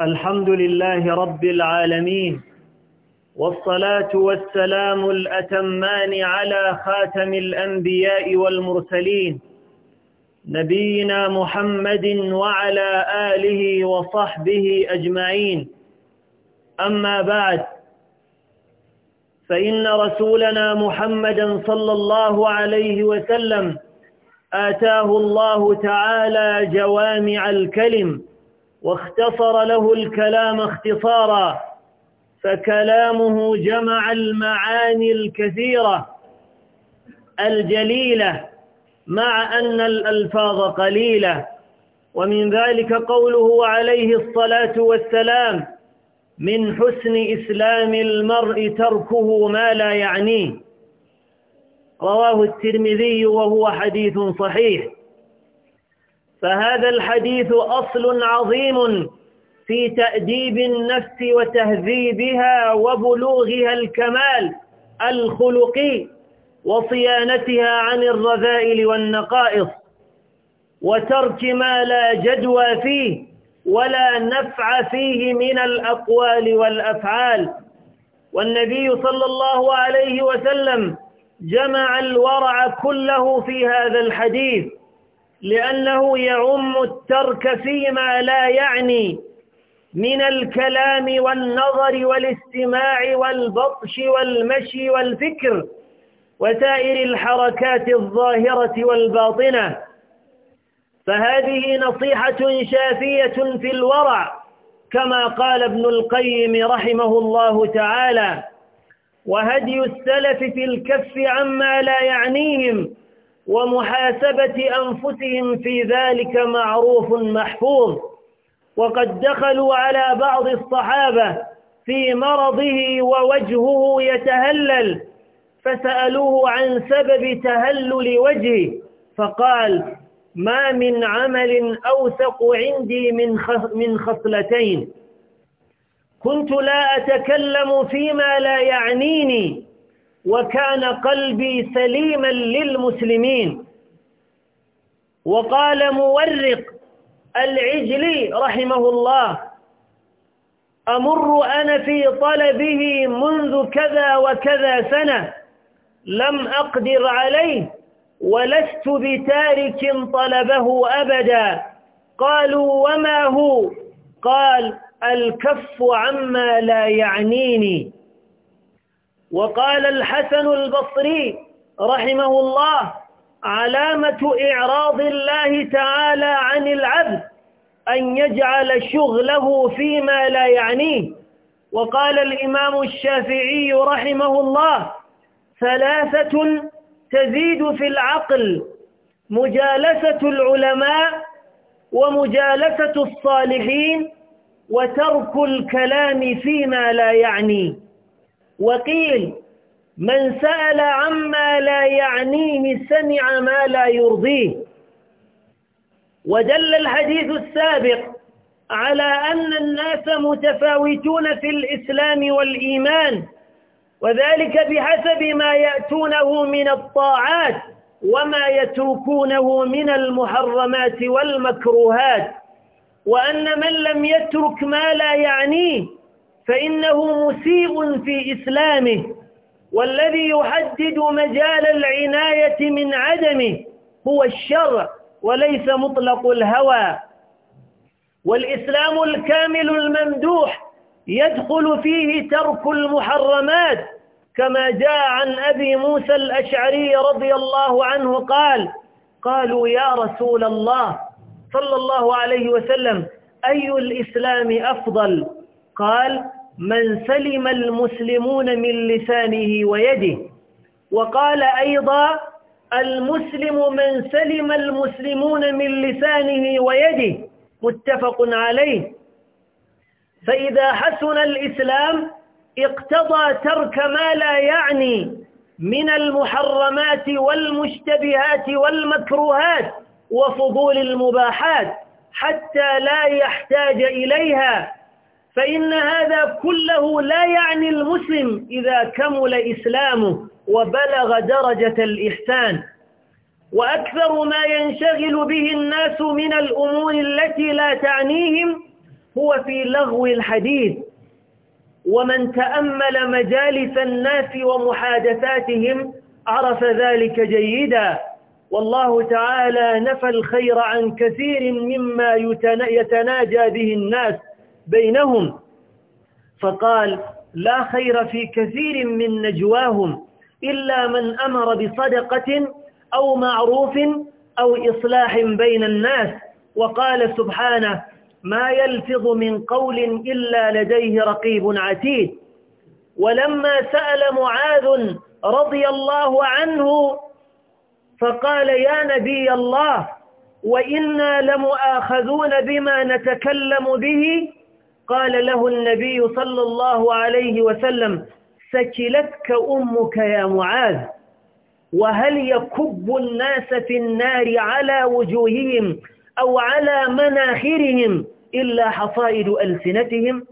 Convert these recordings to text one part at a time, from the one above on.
الحمد لله رب العالمين والصلاة والسلام الأتمان على خاتم الأنبياء والمرسلين نبينا محمد وعلى آله وصحبه أجمعين أما بعد فإن رسولنا محمدا صلى الله عليه وسلم آتاه الله تعالى جوامع الكلم واختصر له الكلام اختصارا فكلامه جمع المعاني الكثيرة الجليلة مع أن الألفاظ قليلة ومن ذلك قوله عليه الصلاة والسلام من حسن إسلام المرء تركه ما لا يعنيه رواه الترمذي وهو حديث صحيح فهذا الحديث أصل عظيم في تأديب النفس وتهذيبها وبلوغها الكمال الخلقي وصيانتها عن الرذائل والنقائص وترك ما لا جدوى فيه ولا نفع فيه من الأقوال والأفعال والنبي صلى الله عليه وسلم جمع الورع كله في هذا الحديث لأنه يعم الترك فيما لا يعني من الكلام والنظر والاستماع والبطش والمشي والفكر وسائر الحركات الظاهرة والباطنة فهذه نصيحة شافية في الورع كما قال ابن القيم رحمه الله تعالى وهدي السلف في الكف عما لا يعنيهم ومحاسبة أنفسهم في ذلك معروف محفوظ وقد دخلوا على بعض الصحابة في مرضه ووجهه يتهلل فسألوه عن سبب تهلل وجهه فقال ما من عمل أوثق عندي من من خصلتين كنت لا أتكلم فيما لا يعنيني وكان قلبي سليما للمسلمين وقال مورق العجلي رحمه الله أمر أنا في طلبه منذ كذا وكذا سنة لم أقدر عليه ولست بتارك طلبه أبدا قالوا وما هو قال الكف عما لا يعنيني وقال الحسن البصري رحمه الله علامة إعراض الله تعالى عن العبد أن يجعل شغله فيما لا يعنيه وقال الإمام الشافعي رحمه الله ثلاثة تزيد في العقل مجالسة العلماء ومجالسة الصالحين وترك الكلام فيما لا يعنيه وقيل من سأل عما لا يعنيه سمع ما لا يرضيه ودل الحديث السابق على أن الناس متفاوتون في الإسلام والإيمان وذلك بحسب ما يأتونه من الطاعات وما يتركونه من المحرمات والمكروهات وأن من لم يترك ما لا يعنيه فإنه مسيء في إسلامه والذي يحدد مجال العناية من عدمه هو الشرع وليس مطلق الهوى والإسلام الكامل الممدوح يدخل فيه ترك المحرمات كما جاء عن أبي موسى الأشعري رضي الله عنه قال قالوا يا رسول الله صلى الله عليه وسلم أي الإسلام أفضل قال من سلم المسلمون من لسانه ويده وقال أيضا المسلم من سلم المسلمون من لسانه ويده متفق عليه فإذا حسن الإسلام اقتضى ترك ما لا يعني من المحرمات والمشتبهات والمكروهات وفضول المباحات حتى لا يحتاج إليها فإن هذا كله لا يعني المسلم إذا كمل إسلامه وبلغ درجة الإحسان وأكثر ما ينشغل به الناس من الأمور التي لا تعنيهم هو في لغو الحديث ومن تأمل مجالس الناس ومحادثاتهم عرف ذلك جيدا والله تعالى نفى الخير عن كثير مما يتناجى به الناس بينهم فقال لا خير في كثير من نجواهم إلا من أمر بصدقة أو معروف أو إصلاح بين الناس وقال سبحانه ما يلفظ من قول إلا لديه رقيب عتيد ولما سأل معاذ رضي الله عنه فقال يا نبي الله وإنا لمؤاخذون بما نتكلم به قال له النبي صلى الله عليه وسلم سكلتك أمك يا معاذ وهل يكب الناس في النار على وجوههم أو على مناخرهم إلا حصائد ألسنتهم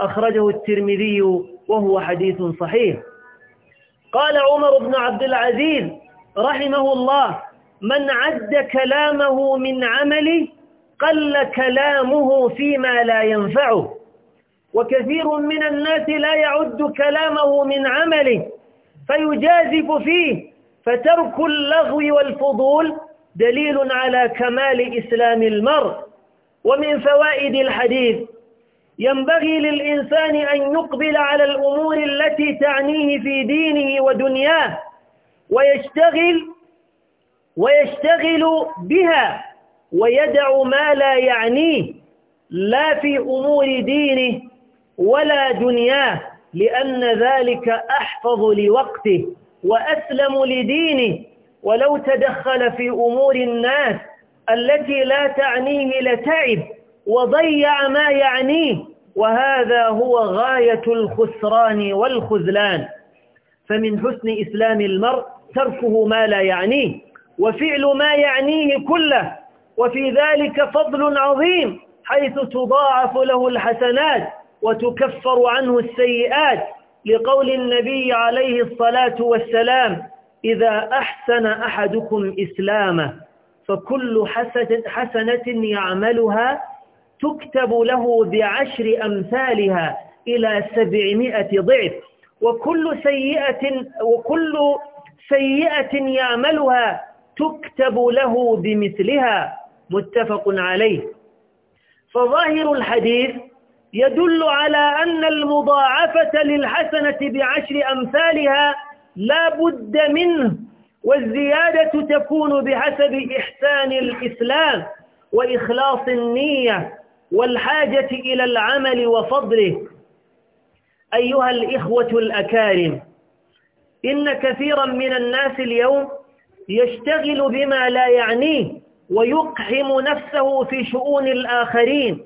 أخرجه الترمذي وهو حديث صحيح قال عمر بن عبد العزيز رحمه الله من عد كلامه من عمله قل كلامه فيما لا ينفعه وكثير من الناس لا يعد كلامه من عمله فيجازف فيه فترك اللغو والفضول دليل على كمال إسلام المرء ومن فوائد الحديث ينبغي للإنسان أن يقبل على الأمور التي تعنيه في دينه ودنياه ويشتغل ويشتغل بها ويدع ما لا يعنيه لا في أمور دينه ولا دنياه لأن ذلك أحفظ لوقته وأسلم لدينه ولو تدخل في أمور الناس التي لا تعنيه لتعب وضيع ما يعنيه وهذا هو غاية الخسران والخذلان فمن حسن إسلام المرء تركه ما لا يعنيه وفعل ما يعنيه كله وفي ذلك فضل عظيم حيث تضاعف له الحسنات وتكفر عنه السيئات لقول النبي عليه الصلاة والسلام إذا أحسن أحدكم إسلامه فكل حسنة يعملها تكتب له بعشر أمثالها إلى سبعمائة ضعف وكل سيئة, وكل سيئة يعملها تكتب له بمثلها متفق عليه فظاهر الحديث يدل على أن المضاعفة للحسنة بعشر أمثالها لا بد منه والزيادة تكون بحسب إحسان الإسلام وإخلاص النية والحاجة إلى العمل وفضله أيها الإخوة الأكارم إن كثيرا من الناس اليوم يشتغل بما لا يعنيه ويقحم نفسه في شؤون الآخرين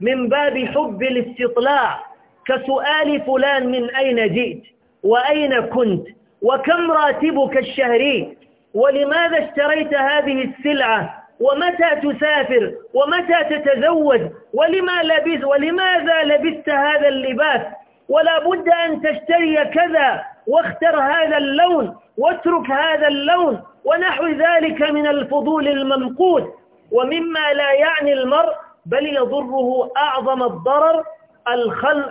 من باب حب الاستطلاع كسؤال فلان من أين جئت وأين كنت وكم راتبك الشهري ولماذا اشتريت هذه السلعة ومتى تسافر ومتى تتزوج ولما لبس ولماذا لبست هذا اللباس ولا بد أن تشتري كذا واختر هذا اللون واترك هذا اللون ونحو ذلك من الفضول الممقوت ومما لا يعني المرء بل يضره أعظم الضرر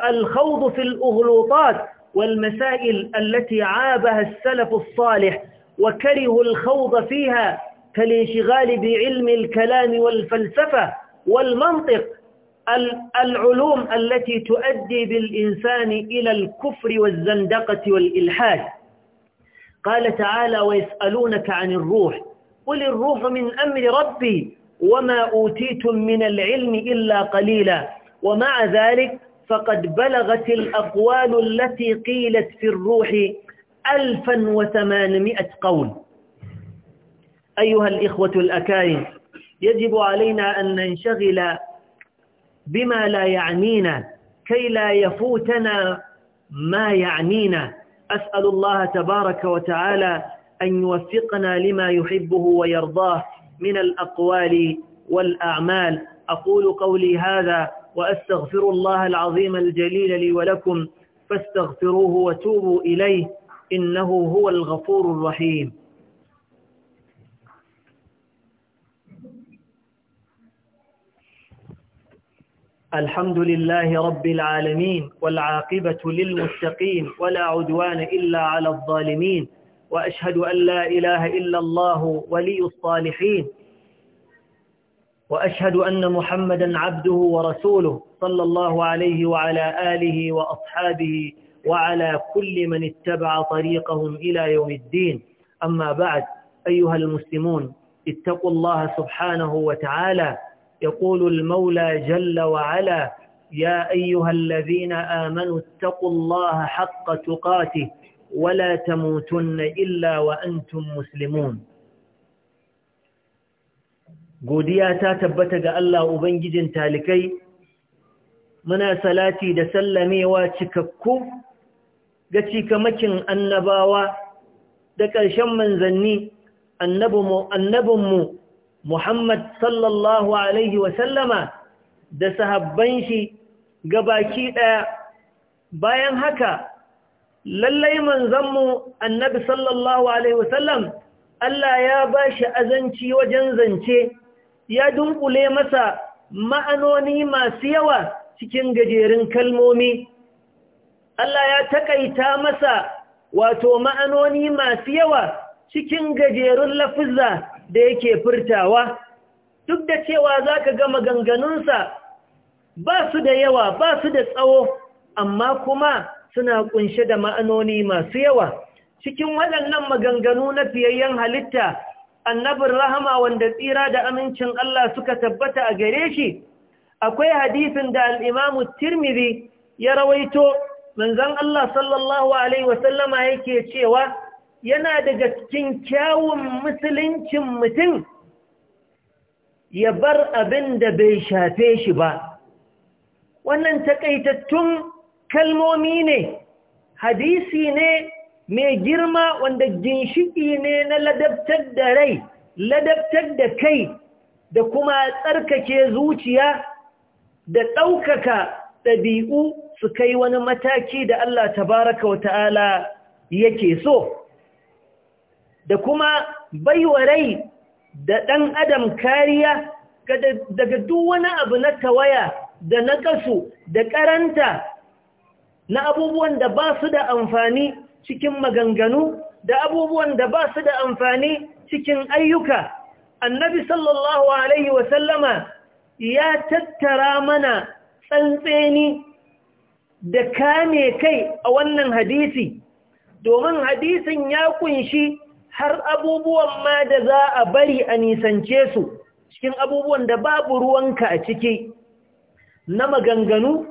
الخوض في الأغلوطات والمسائل التي عابها السلف الصالح وكرهوا الخوض فيها كالانشغال بعلم الكلام والفلسفة والمنطق العلوم التي تؤدي بالإنسان إلى الكفر والزندقة والإلحاد قال تعالى ويسألونك عن الروح قل الروح من أمر ربي وما أوتيتم من العلم إلا قليلا ومع ذلك فقد بلغت الأقوال التي قيلت في الروح ألفا وثمانمائة قول أيها الإخوة الأكارم يجب علينا أن ننشغل بما لا يعنينا كي لا يفوتنا ما يعنينا أسأل الله تبارك وتعالى أن يوفقنا لما يحبه ويرضاه من الأقوال والأعمال أقول قولي هذا وأستغفر الله العظيم الجليل لي ولكم فاستغفروه وتوبوا إليه إنه هو الغفور الرحيم الحمد لله رب العالمين والعاقبة للمتقين ولا عدوان إلا على الظالمين وأشهد أن لا إله إلا الله ولي الصالحين وأشهد أن محمدا عبده ورسوله صلى الله عليه وعلى آله وأصحابه وعلى كل من اتبع طريقهم إلى يوم الدين أما بعد أيها المسلمون اتقوا الله سبحانه وتعالى يقول المولى جل وعلا يا أيها الذين آمنوا اتقوا الله حق تقاته ولا تموتن إلا وأنتم مسلمون godiya ta tabbata ga Allah Ubangijin talikai, muna salati da sallamewa cikakku ga cikamakin annabawa da ƙarshen manzanni annabinmu Muhammad sallallahu Alaihi wasallama da sahabban shi gabaki ɗaya bayan haka lallai manzanmu annabi sallallahu Alaihi wasallam Allah ya ba shi azanci wajen zance ya dunkule masa ma'anoni masu yawa cikin gajerun kalmomi Allah ya takaita masa wato ma'anoni masu yawa cikin gajerun lafizza da yake furtawa duk da cewa za ka ga maganganunsa ba su da yawa ba su da tsawo amma kuma suna kunshe da ma'anoni masu yawa cikin waɗannan maganganu na fiyayyen halitta annabin rahama wanda tsira da amincin Allah suka tabbata a gare shi akwai hadisin da al'imamu tirmidhi ya rawaito manzan Allah sallallahu Alaihi wasallama yake cewa yana daga cikin kyawun musuluncin mutum ya bar abin da bai shafe shi ba wannan takaitattun kalmomi ne hadisi ne mai girma wanda ginshiki ne na ladabtar da rai ladabtar da kai da kuma tsarkake zuciya da ɗaukaka ɗabi'u su kai wani mataki da Allah tabaraka wa ta'ala yake so da kuma baiwa rai da ɗan adam kariya daga duk wani abu na tawaya da na kasu da karanta na abubuwan da ba su da amfani cikin maganganu da abubuwan da ba su da amfani cikin ayyuka annabi sallallahu alaihi wasallama ya tattara mana tsantseni da kame kai a wannan hadisi domin hadisin ya kunshi har abubuwan ma da za a bari a nisance su cikin abubuwan da babu ruwanka a ciki na maganganu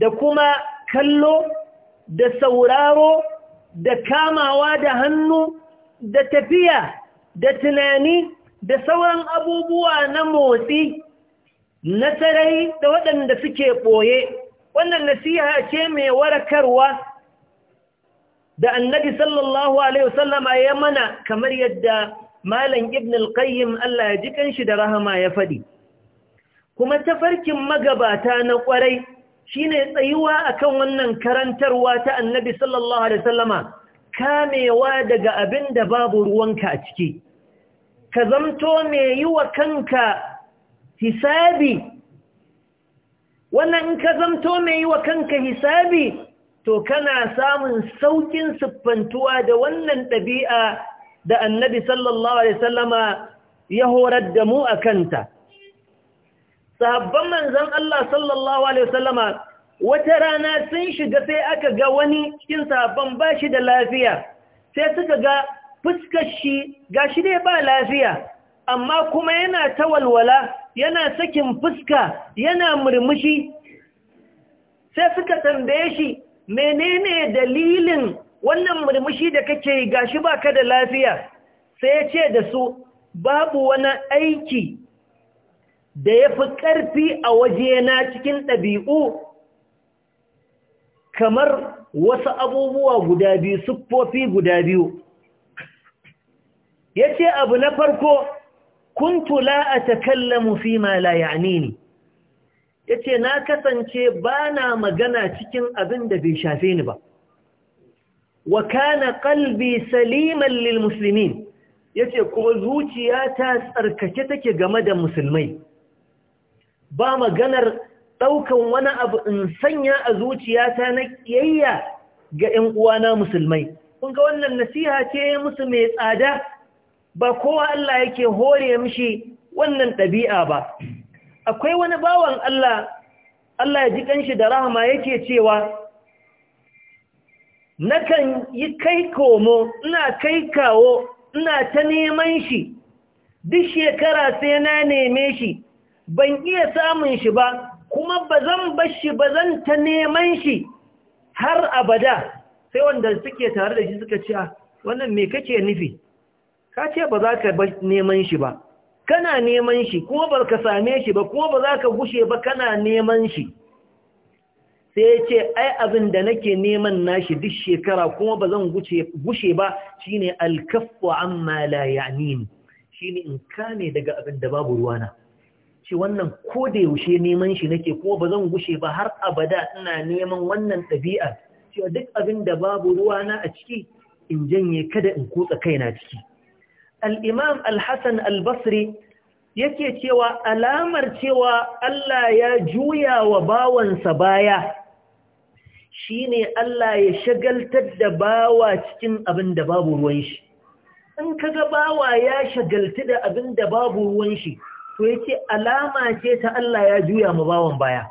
da kuma kallo da sauraro da kamawa da hannu da tafiya da tunani da sauran abubuwa na motsi na sarai da waɗanda suke ɓoye wannan nasiha ce mai warakarwa da annabi sallallahu alaihi wasallama ya mana kamar yadda malam ibn al-qayyim Allah ya ji kanshi da rahama ya faɗi. kuma tafarkin magabata na kwarai shine tsayuwa akan wannan karantarwa ta annabi sallallahu alaihi wasallama kamewa daga abin da babu ruwanka a ciki ka zamto mai yi wa kanka hisabi wannan in ka zamto mai yi wa kanka hisabi to kana samun saukin siffantuwa da wannan ɗabi'a da annabi sallallahu alaihi sallama ya horar da mu a kanta sahabban manzan Allah sallallahu alaihi sallama wata rana sun shiga sai aka ga wani cikin sahabban ba shi da lafiya sai suka ga fuskar shi ga shi dai ba lafiya amma kuma yana tawalwala yana sakin fuska yana murmushi sai suka tambaye shi menene dalilin wannan murmushi da kake gashi baka da lafiya sai ya ce da su babu wani aiki da ya fi ƙarfi a wajena cikin ɗabi'u kamar wasu abubuwa guda biyu siffofi guda biyu ya ce abu na farko kuntu la a takallamu fi ma la ya'nini ya ce na kasance ba na magana cikin abin da bai shafe ni ba wa kana kalbi saliman lil musulmin ya ce kuma zuciya ta tsarkake take game da musulmai ba maganar ɗaukan wani abu in sanya a zuciyata na ƙiyayya ga ‘yan uwana musulmai kun wannan nasiha ce musu mai tsada ba kowa Allah yake hore mishi wannan ɗabi'a ba akwai wani bawan Allah Allah ya ji kanshi da rahama yake cewa nakan yi kai komo ina kai kawo ina ta neman shi duk shekara sai na neme shi ban iya samun shi ba kuma ba zan shi ba zan ta neman shi har abada sai wanda suke tare da shi suka ce ah, wannan me kake nufi ka ce ba za ka neman shi ba kana neman shi ko ba ka same shi ba ko ba za ka gushe ba kana neman shi sai ya ce ai abin da nake neman nashi duk shekara kuma ba zan gushe ba shine alkafu amma la ya'nini shine in kame daga abin da babu ruwana shi wannan ko da yaushe neman shi nake kuma ba zan gushe ba har abada ina neman wannan ɗabi'a cewa duk abin da babu ruwa na a ciki in janye kada in kutsa kaina ciki al'imam al-hassan al-basri yake cewa alamar cewa Allah ya juya wa bawansa baya shi ne Allah ya shagaltar da bawa cikin abin da babu ruwan shi in kaga bawa ya shagaltu da abin da babu ruwan shi to yake alama ce ta Allah ya juya ma bawan baya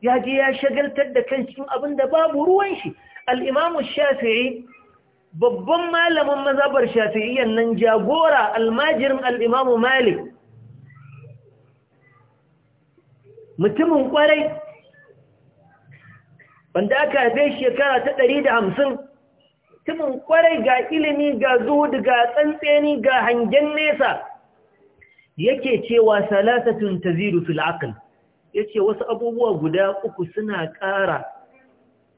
ya je ya shagaltar da kan cikin abin da babu ruwan shi al-imamu shafi'i babban malamin mazabar shafi'iyyar nan jagora almajirin al'imamu malik mutumin kwarai wanda aka haife shekara ta ɗari da hamsin mutumin kwarai ga ilimi ga zuhudu ga tsantseni ga hangen nesa yake cewa ta ziru fil Ya ce wasu abubuwa guda uku suna ƙara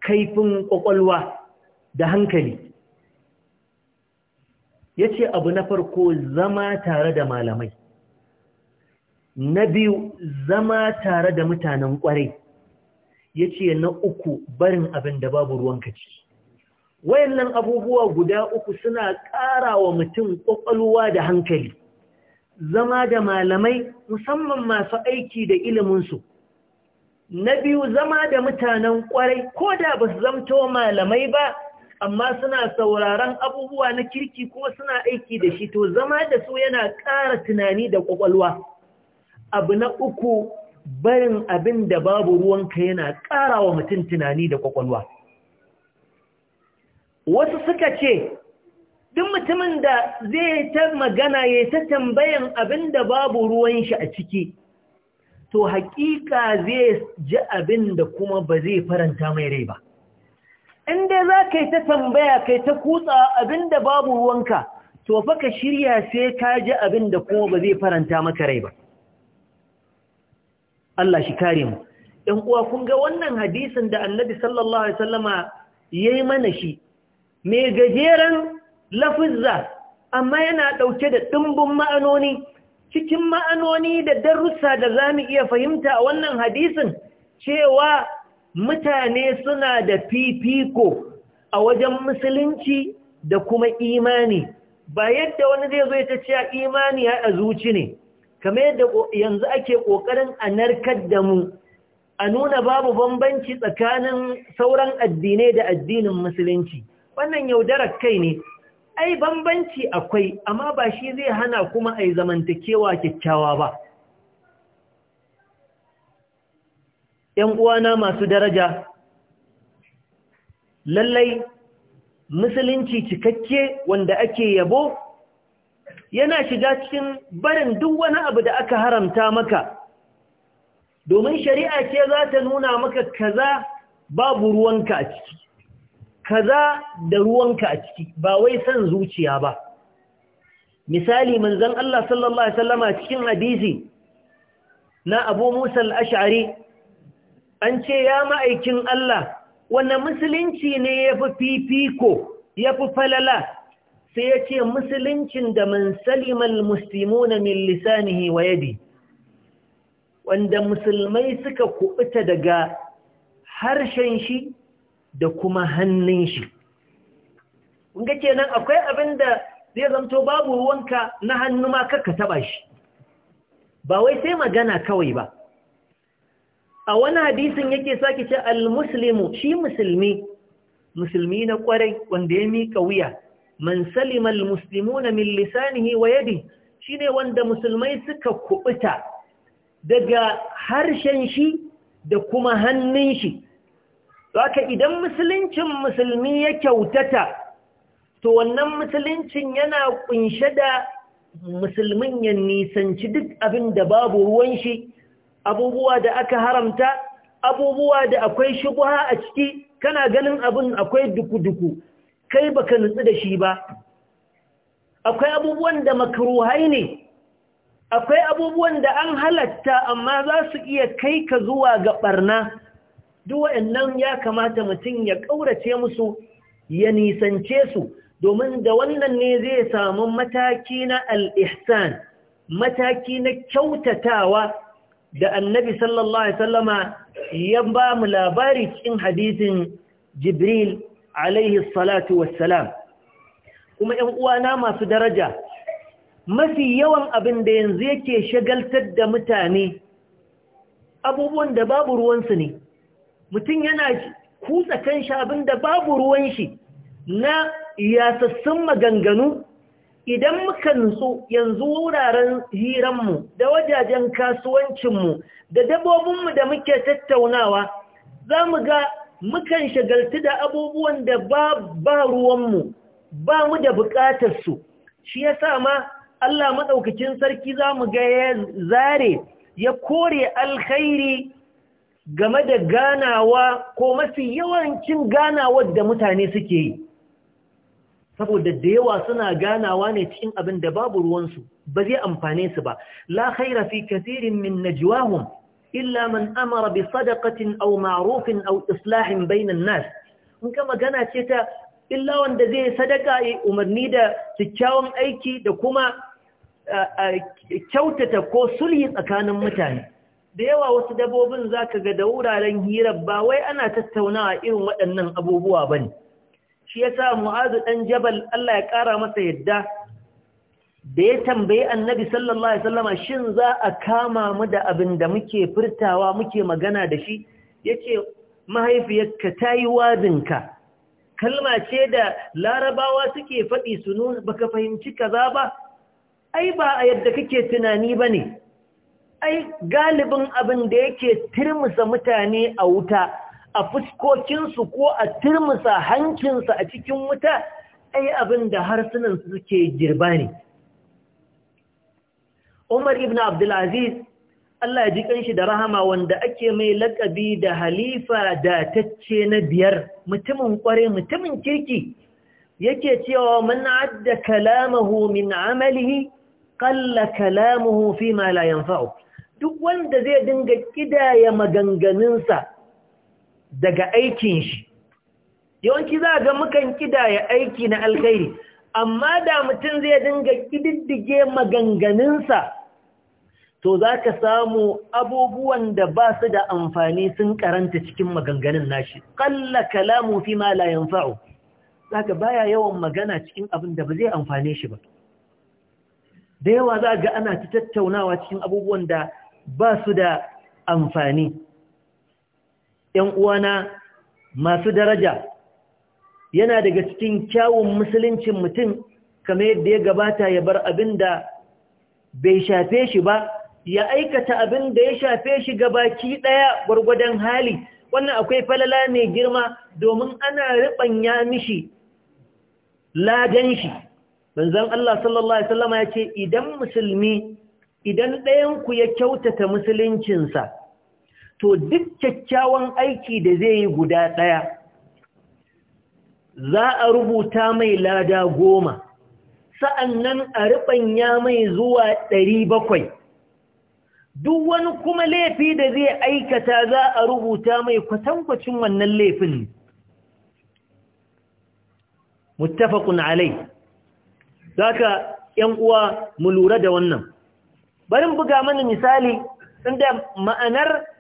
kaifin ƙwaƙwalwa da hankali ya ce abu na farko zama tare da malamai na biyu zama tare da mutanen kwarai ya ce na uku barin abin da babu ruwanka ci wayannan abubuwa guda uku suna ƙara wa mutum ƙwaƙwalwa da hankali zama da malamai musamman masu aiki da iliminsu na biyu zama da mutanen kwarai ko da ba su zamto malamai ba amma suna sauraron abubuwa na kirki ko suna aiki da shi to zama da su yana ƙara tunani da ƙwaƙwalwa abu na uku barin abin da babu ruwanka yana ƙara wa mutum tunani da ƙwaƙwalwa wasu suka ce duk mutumin da zai ta magana ya ta tambayan abin da babu ruwan shi a ciki to haƙiƙa zai ji abin da kuma ba zai faranta mai rai ba in dai za ka yi ta tambaya kai ta kutsa abinda babu ruwanka to fa ka shirya sai ka ji abinda kuma ba zai faranta maka rai ba Allah shi kare mu ɗan uwa kun ga wannan hadisin da annabi sallallahu alaihi wasallama yayi mana shi mai gajeren lafizza amma yana ɗauke da ɗimbin ma'anoni cikin ma'anoni da darussa da za mu iya fahimta a wannan hadisin cewa mutane suna da fifiko a wajen musulunci da kuma imani ba yadda wani zai zo ta cewa imani ya a zuci ne kame yadda yanzu ake ƙoƙarin a narkar da mu a nuna babu bambanci tsakanin sauran addinai da addinin musulunci wannan yaudarar kai ne ai bambanci akwai amma ba shi zai hana kuma ai zamantakewa kyakkyawa ba ‘yan uwana masu daraja, lallai musulunci cikakke wanda ake yabo yana shiga cikin barin duk wani abu da aka haramta maka, domin shari'a ce za ta nuna maka kaza babu ruwanka a ciki, kaza da ruwanka a ciki, ba wai son zuciya ba. Misali, manzan Allah sallallahu Alaihi cikin hadisi na Abu Musa al'ashari, an ce ya ma'aikin Allah wanne musulunci ne ya fi fifiko ya fi falala sai ya ce musuluncin da man salimal muslimuna min lisanihi wa yadi wanda musulmai suka kubuta daga harshen shi da kuma hannun shi kunga kenan akwai abin da zai zamto babu ruwanka na hannu ma kakka taba shi ba wai sai magana kawai ba a wani hadisin yake sake ce al-muslimu shi musulmi musulmi na kwarai wanda ya mika wuya man salima al-muslimuna min lisanihi wa yadi shine wanda musulmai suka kubuta daga harshen shi da kuma hannun shi haka idan musuluncin musulmi ya kyautata to wannan musuluncin yana kunshe da musulmin ya nisanci duk abin da babu ruwan shi abubuwa da aka haramta abubuwa da akwai shubuha a ciki kana ganin abin akwai duku-duku kai baka nutsu da shi ba akwai abubuwan da makaruhai ne akwai abubuwan da an halatta amma za su iya kai ka zuwa ga ɓarna? duk waɗannan ya kamata mutum ya ƙaurace musu ya nisance su domin da wannan ne zai samu mataki na al'ihsan mataki na kyautatawa da annabi sallallahu alaihi sallama ya ba mu labari cikin hadisin jibril alaihi salatu wassalam kuma ‘yan uwana masu daraja mafi yawan abin da yanzu yake shagaltar da mutane abubuwan da babu ruwansu ne mutum yana kutsa kanshi abin da babu ruwan shi na yasassun maganganu idan muka nutsu yanzu wuraren hiranmu da wajajen kasuwancinmu da dabobinmu da muke tattaunawa za mu ga mukan shagaltu da abubuwan da ba ruwanmu ba mu da bukatarsu shi ya sa ma Allah maɗaukacin sarki za mu ga ya zare ya kore alkhairi game da ganawa ko mafi yawancin ganawar da mutane suke yi saboda da yawa suna ganawa ne cikin abin da babu ruwansu ba zai amfane su ba la khaira fi kathirin min najwahum illa man amara bi sadaqatin aw ma'rufin aw islahin bainan nas in ka magana ce ta illa wanda zai sadaka ya umarni da kyakkyawan aiki da kuma kyautata ko sulhi tsakanin mutane da yawa wasu dabobin zaka ga da wuraren hirar ba wai ana tattaunawa irin waɗannan abubuwa bane shi yasa mu'azu ɗan jabal Allah ya ƙara masa yadda da ya tambaye annabi sallallahu alaihi wasallama shin za a kama mu da abin da muke furtawa muke magana da shi Ya ce mahaifiyarka ta yi wazinka kalma ce da larabawa suke faɗi su nuna ka fahimci kaza ba ai ba a yadda kake tunani ba ne. ai galibin abin da yake turmusa mutane a wuta a fuskokinsu ko a turmusa hankinsu a cikin wuta ai abin da harsunansu suke girba ne umar ibn abdulaziz Allah ya ji kanshi da rahama wanda ake mai lakabi da halifa da tacce na biyar mutumin kware mutumin kirki yake cewa man adda kalamahu min amalihi qalla kalamuhu fi ma la yanfa'u duk wanda zai dinga kidaya maganganunsa daga aikin shi yawanci za ga mukan kidaya aiki na alkhairi amma da mutum zai dinga kididdige maganganunsa to za ka samu abubuwan da ba su da amfani sun karanta cikin maganganun nashi ƙalla kalamu fi ma la yanfa'u za ka baya yawan magana cikin abin da ba zai amfane shi ba da yawa za ga ana ta tattaunawa cikin abubuwan da ba su da amfani ‘yan uwana masu daraja yana daga cikin kyawun musuluncin mutum kamar yadda ya gabata ya bar abin da bai shafe shi ba ya aikata abin da ya shafe shi gabaki ɗaya gwargwadon hali wannan akwai falala mai girma domin ana riɓanya mishi ladan shi manzon Allah sallallahu alaihi wasallama ya ce idan musulmi idan ɗayanku ya kyautata musuluncinsa to duk kyakkyawan aiki da zai yi guda ɗaya za a rubuta mai lada goma sa'an nan a riɓanya mai zuwa ɗari bakwai duk wani kuma laifi da zai aikata za a rubuta mai kwatankwacin wannan laifin muttafaqun alai ka ‘yan uwa mu lura da wannan barin buga mana misali inda ma'anar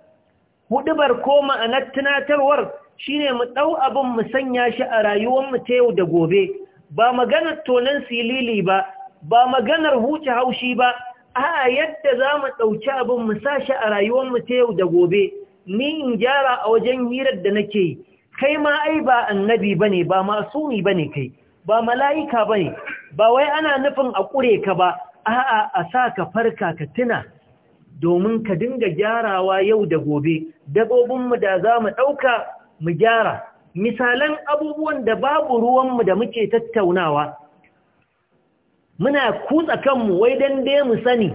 hudubar ko ma'anar tunatarwar shine mu ɗau abin mu sanya shi a rayuwar mu ta yau da gobe ba maganar tonan silili ba ba maganar huce haushi ba a yadda za mu ɗauki abin mu sa shi a rayuwar mu ta yau da gobe ni in gyara a wajen hirar da nake yi kai ma ai ba annabi ne, ba masumi ne kai ba mala'ika ba ne. ba wai ana nufin a ƙure ka ba a'a a sa ka farka ka tuna domin ka dinga gyarawa yau da gobe dabobinmu da za mu ɗauka mu gyara misalan abubuwan da babu ruwanmu da muke tattaunawa muna kutsa kanmu wai don dai mu sani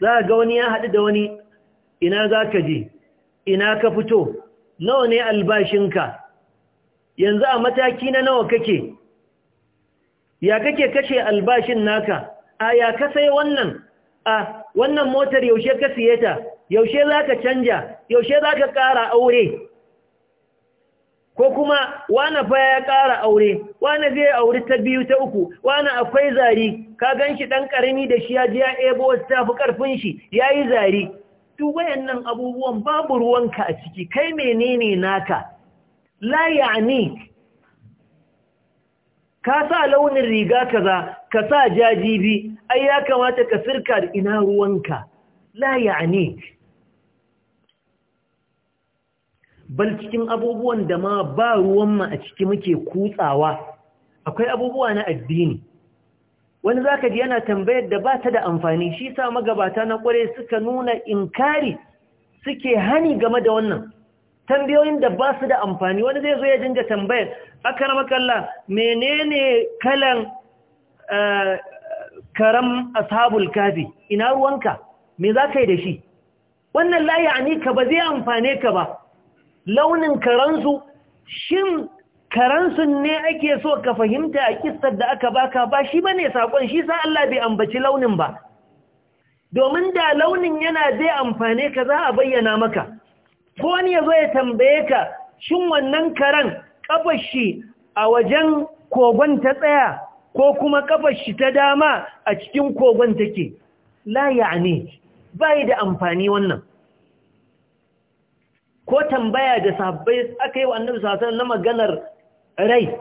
za ga wani ya haɗu da wani ina za ka je ina ka fito nawa ne albashinka yanzu a mataki na nawa kake ya kake kashe albashin naka a ya ka sayi wannan a wannan motar yaushe ka siye ta yaushe za ka canja yaushe za ka ƙara aure ko kuma wane fa ya ƙara aure wane zai auri ta biyu ta uku wane akwai zari ka gan shi ɗan ƙarami da shi ya ji ya ebo wasu tafi ƙarfin shi ya yi zari duk wayannan abubuwan babu ruwanka a ciki kai menene naka la ya'ni ka sa launin riga kaza ka sa jajibi ai ya kamata ka firka da ina ruwanka la ya'ni bal cikin abubuwan da ma ba ruwan ma a ciki muke kutsawa akwai abubuwa na addini wani zaka ji yana tambayar da ba ta da amfani shi sa magabata na kware suka nuna inkari suke hani game da wannan tambayoyin da ba su da amfani wani zai zo ya dinga tambayar akar makalla menene kalan eh, karam ashabul kafi ina ruwanka me za ka yi da shi wannan layi a ka ba zai amfane ka ba launin karansu shin karansu ne ake so ka fahimta a kissar da aka baka ba shi bane sakon shi sa Allah bai ambaci launin ba domin da launin yana zai amfane ka za a bayyana maka ko wani ya ya tambaye ka shin wannan karan kafashi a wajen kogon ta tsaya ko kuma kafashi shi ta dama a cikin kogon take la ne, bai da amfani wannan ko tambaya da sahabbai aka yi wa annabi sallallahu na maganar rai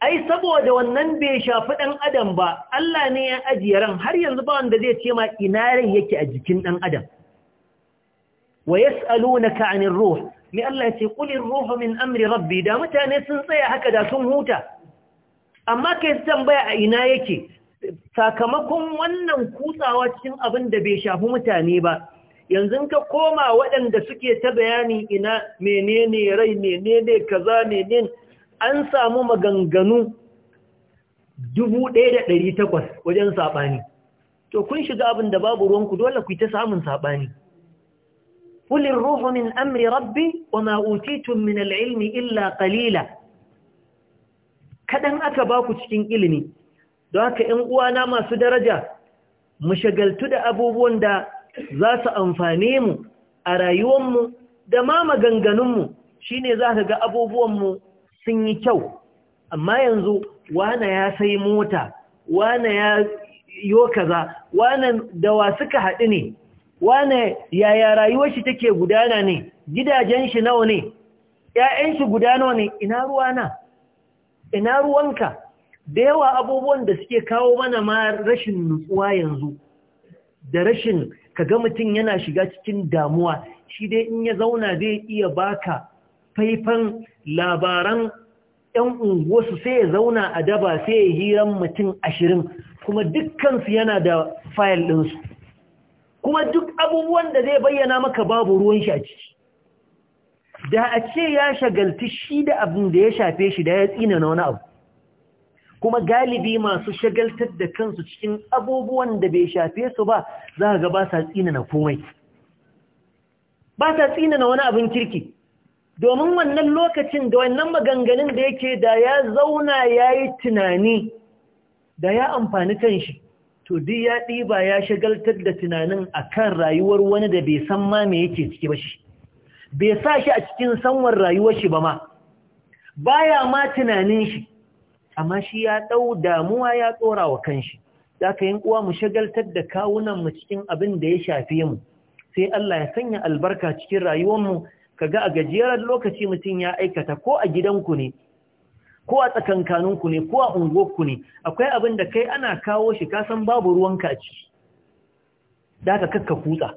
ai saboda wannan bai shafi ɗan adam ba Allah ne ya ajiye ran har yanzu ba wanda zai ce ma ina rai yake a jikin ɗan adam wa yas'alunaka 'anir ruh me Allah ya ce qulir ruhu min amri rabbi da mutane sun tsaya haka da sun huta amma kai tambaya a ina yake sakamakon wannan kutsawa cikin abin da bai shafi mutane ba yanzu ka koma waɗanda suke ta bayani ina menene rai menene kaza menene an samu maganganu 1800 wajen saɓani to kun shiga abin da babu ruwanku dole ku yi ta samun saɓani قل ruhu min amri Rabbi wa أوتيتم Minal ilmi illa ƙalila. kaɗan aka ba ku cikin ilimi don haka ‘yan uwana masu daraja mu shagaltu da abubuwan da za su amfane mu a rayuwanmu da ma maganganunmu shi ne za ka ga abubuwanmu sun yi kyau amma yanzu wane ya sai mota wane ya yo kaza wane da wa suka haɗu ne wane yaya rayuwar shi take gudana ne gidajen shi nawa ne ‘ya'yan shi guda nawa ne ina ruwana ina ruwanka da yawa abubuwan da suke kawo mana ma rashin nutsuwa yanzu da rashin kaga mutum yana shiga cikin damuwa shi dai in ya zauna zai iya baka faifan labaran 'yan unguwarsu sai ya zauna a daba sai ya hiran mutum ashirin kuma dukkansu yana da fayil ɗinsu kuma duk abubuwan da zai bayyana maka babu ruwan shi a ciki da a ce ya shagalti shi da abin da ya shafe shi da ya tsina na wani abu kuma galibi masu shagaltar da kansu cikin abubuwan da bai shafe su ba za ga ba sa tsina na komai ba sa tsina na wani abin kirki domin wannan lokacin da wannan maganganun da yake da ya zauna ya yi tunani da ya amfani kan shi, to duk ya ɗiba ya shagaltar da tunanin a kan rayuwar wani da bai san ma me yake ciki ba shi bai sa shi a cikin sanwar rayuwar shi ba ma baya ma tunanin shi amma shi ya ɗau damuwa ya tsora wa kanshi za ka yin uwa mu shagaltar da kawunan mu cikin abin da ya shafe mu sai Allah ya sanya albarka cikin rayuwarmu ka ga a gajiyar lokaci mutum ya aikata ko a gidanku ne ko a tsakankaninku ne ko a unguwarku ne akwai abin da kai ana kawo shi kasan babu ruwanka a ciki da ka kakka kutsa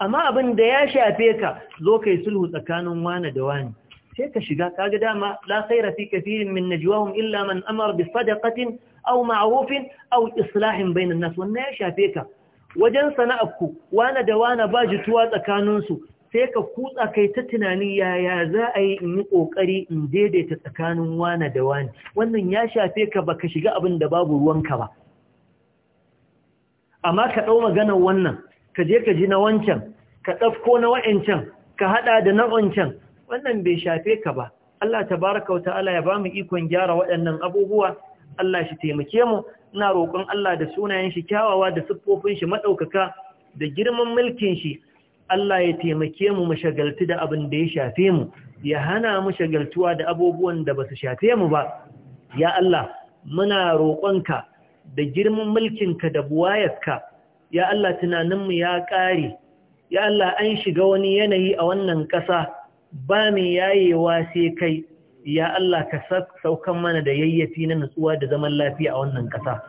amma abin da ya shafe ka zo kai sulhu tsakanin wani da wani sai ka shiga kaga dama la khaira fi kathirin min najwahum illa man amara bi sadaqatin aw ma'rufin aw islahin an nas wannan ya shafe ka wajen sana'arku wani da wani ba jituwa tsakanin su sai ka kutsa kai ta tunani yaya za a yi in yi kokari in daidaita tsakanin wani da wani wannan ya shafe ka baka shiga abin da babu ruwanka ba amma ka dau maganar wannan ka je ka ji na wancan ka ɗafko na wa'ancan ka haɗa da na wancan wannan bai shafe ka ba Allah tabaraka wa ta'ala ya ba mu ikon gyara waɗannan abubuwa Allah shi taimake mu na roƙon Allah da sunayen shi kyawawa da siffofin shi maɗaukaka da girman mulkin shi Allah ya taimake mu mu shagaltu da abin da ya shafe mu ya hana mu shagaltuwa da abubuwan da ba su shafe mu ba ya Allah muna roƙonka da girman mulkinka da buwayarka ya Allah tunaninmu ya ƙare ya Allah an shiga wani yanayi a wannan ƙasa ba mai yayewa sai kai ya Allah ka saukan mana da yayyafi na nutsuwa da zaman lafiya a wannan ƙasa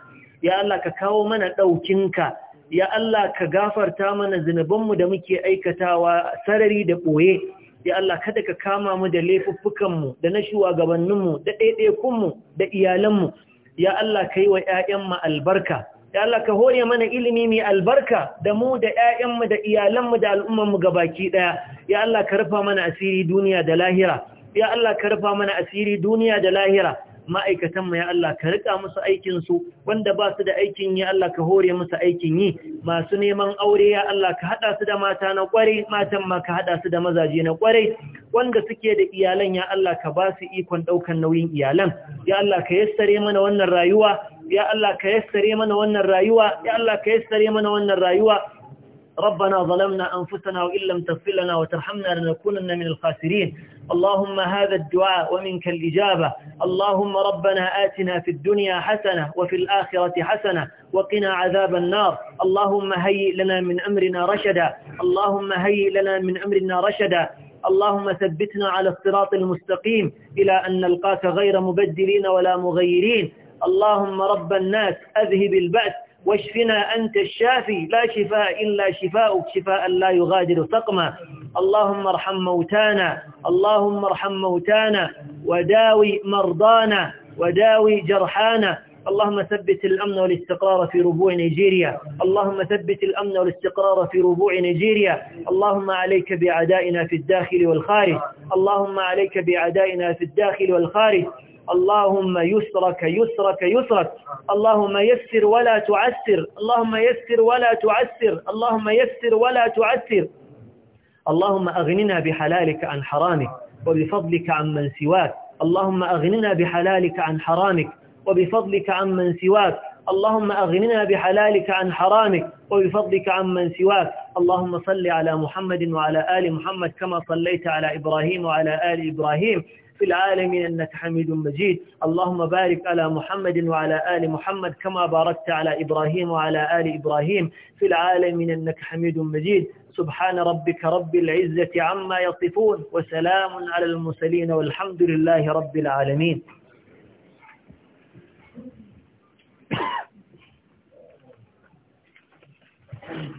ya Allah ka kawo mana ɗaukinka ya Allah ka gafarta mana zunubanmu da muke aikatawa sarari da ɓoye ya Allah kada ka kama mu da laifuffukanmu da na shugabanninmu da ɗaiɗaikunmu da iyalanmu ya Allah ka yi wa ‘ya'yanmu albarka da Allah ka hore mana ilimi mai albarka da mu da yayanmu da iyalanmu da al'ummanmu gabaki ɗaya ya Allah ka rufa mana asiri duniya da lahira ya Allah ka rufa mana asiri duniya da lahira ma'aikatanmu ya Allah ka rika musu aikinsu wanda ba su da aikin yi Allah ka hore musu aikin yi masu neman aure ya Allah ka haɗa su da mata na ƙware matan ma ka haɗa su da mazaje na ƙware wanda suke da iyalan ya Allah ka ba su ikon ɗaukan nauyin iyalan ya Allah ka yassare mana wannan rayuwa يا الله كيسر يمن mana الرايوة يا الله كيسر يمن yassare الرايوة ربنا ظلمنا أنفسنا وإن لم تغفر لنا وترحمنا لنكونن من الخاسرين اللهم هذا الدعاء ومنك الإجابة اللهم ربنا آتنا في الدنيا حسنة وفي الآخرة حسنة وقنا عذاب النار اللهم هيئ لنا من أمرنا رشدا اللهم هيئ لنا من أمرنا رشدا اللهم ثبتنا على الصراط المستقيم إلى أن نلقاك غير مبدلين ولا مغيرين اللهم رب الناس أذهب البأس واشفنا أنت الشافي لا شفاء إلا شفاؤك شفاء لا يغادر سقما اللهم ارحم موتانا اللهم ارحم موتانا وداوي مرضانا وداوي جرحانا اللهم ثبت الأمن والاستقرار في ربوع نيجيريا اللهم ثبت الأمن والاستقرار في ربوع نيجيريا اللهم عليك بعدائنا في الداخل والخارج اللهم عليك بعدائنا في الداخل والخارج اللهم يسرك يسرك يسرك اللهم يسر ولا تعسر اللهم يسر ولا تعسر اللهم يسر ولا تعسر اللهم أغننا بحلالك عن حرامك وبفضلك عمن سواك اللهم أغننا بحلالك عن حرامك وبفضلك عمن سواك اللهم أغننا بحلالك عن حرامك وبفضلك عمن سواك اللهم صل على محمد وعلى آل محمد كما صليت على إبراهيم وعلى آل إبراهيم في العالمين أنك حميد مجيد اللهم بارك على محمد وعلى آل محمد كما باركت على إبراهيم وعلى آل إبراهيم في العالمين أنك حميد مجيد سبحان ربك رب العزة عما يصفون وسلام على المرسلين والحمد لله رب العالمين Thank you.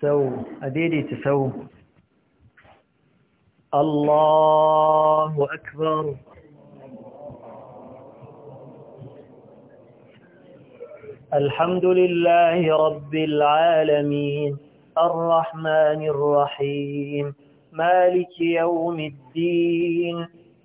سو أديدي تسو الله أكبر الحمد لله رب العالمين الرحمن الرحيم مالك يوم الدين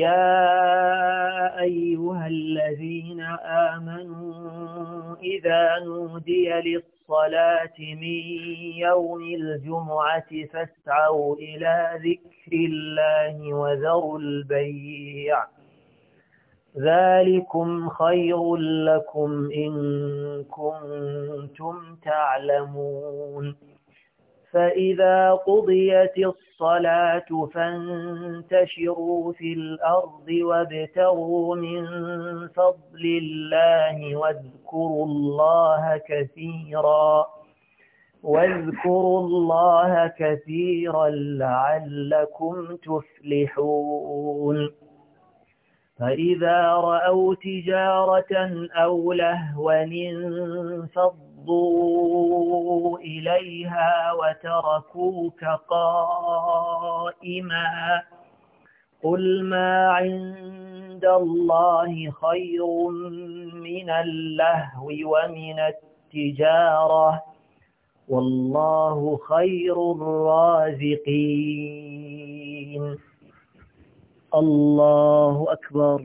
يا أيها الذين آمنوا إذا نودي للصلاة من يوم الجمعة فاسعوا إلى ذكر الله وذروا البيع ذلكم خير لكم إن كنتم تعلمون فإذا قضيت الصلاة فانتشروا في الأرض وابتغوا من فضل الله واذكروا الله كثيرا واذكروا الله كثيرا لعلكم تفلحون فإذا رأوا تجارة أو لهوا انفضوا فضوا إليها وتركوك قائما قل ما عند الله خير من اللهو ومن التجارة والله خير الرازقين الله أكبر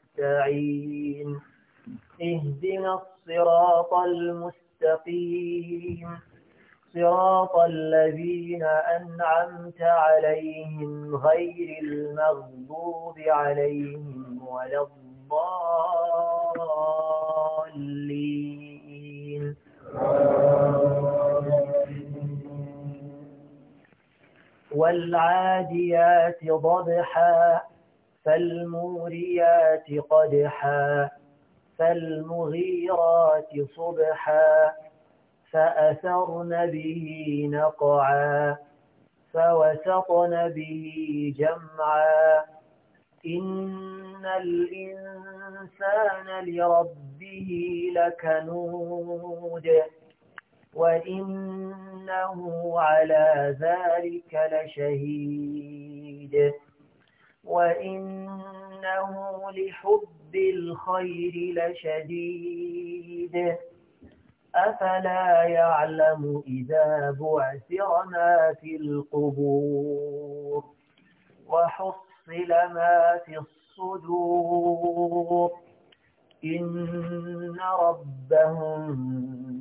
المستعين اهدنا الصراط المستقيم صراط الذين أنعمت عليهم غير المغضوب عليهم ولا الضالين والعاديات ضبحا فالموريات قدحا فالمغيرات صبحا فأثرن به نقعا فوسطن به جمعا إن الإنسان لربه لكنود وإنه على ذلك لشهيد وإنه لحب الخير لشديد أفلا يعلم إذا بعثر ما في القبور وحصل ما في الصدور إن ربهم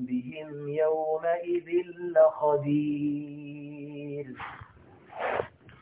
بهم يومئذ لخبير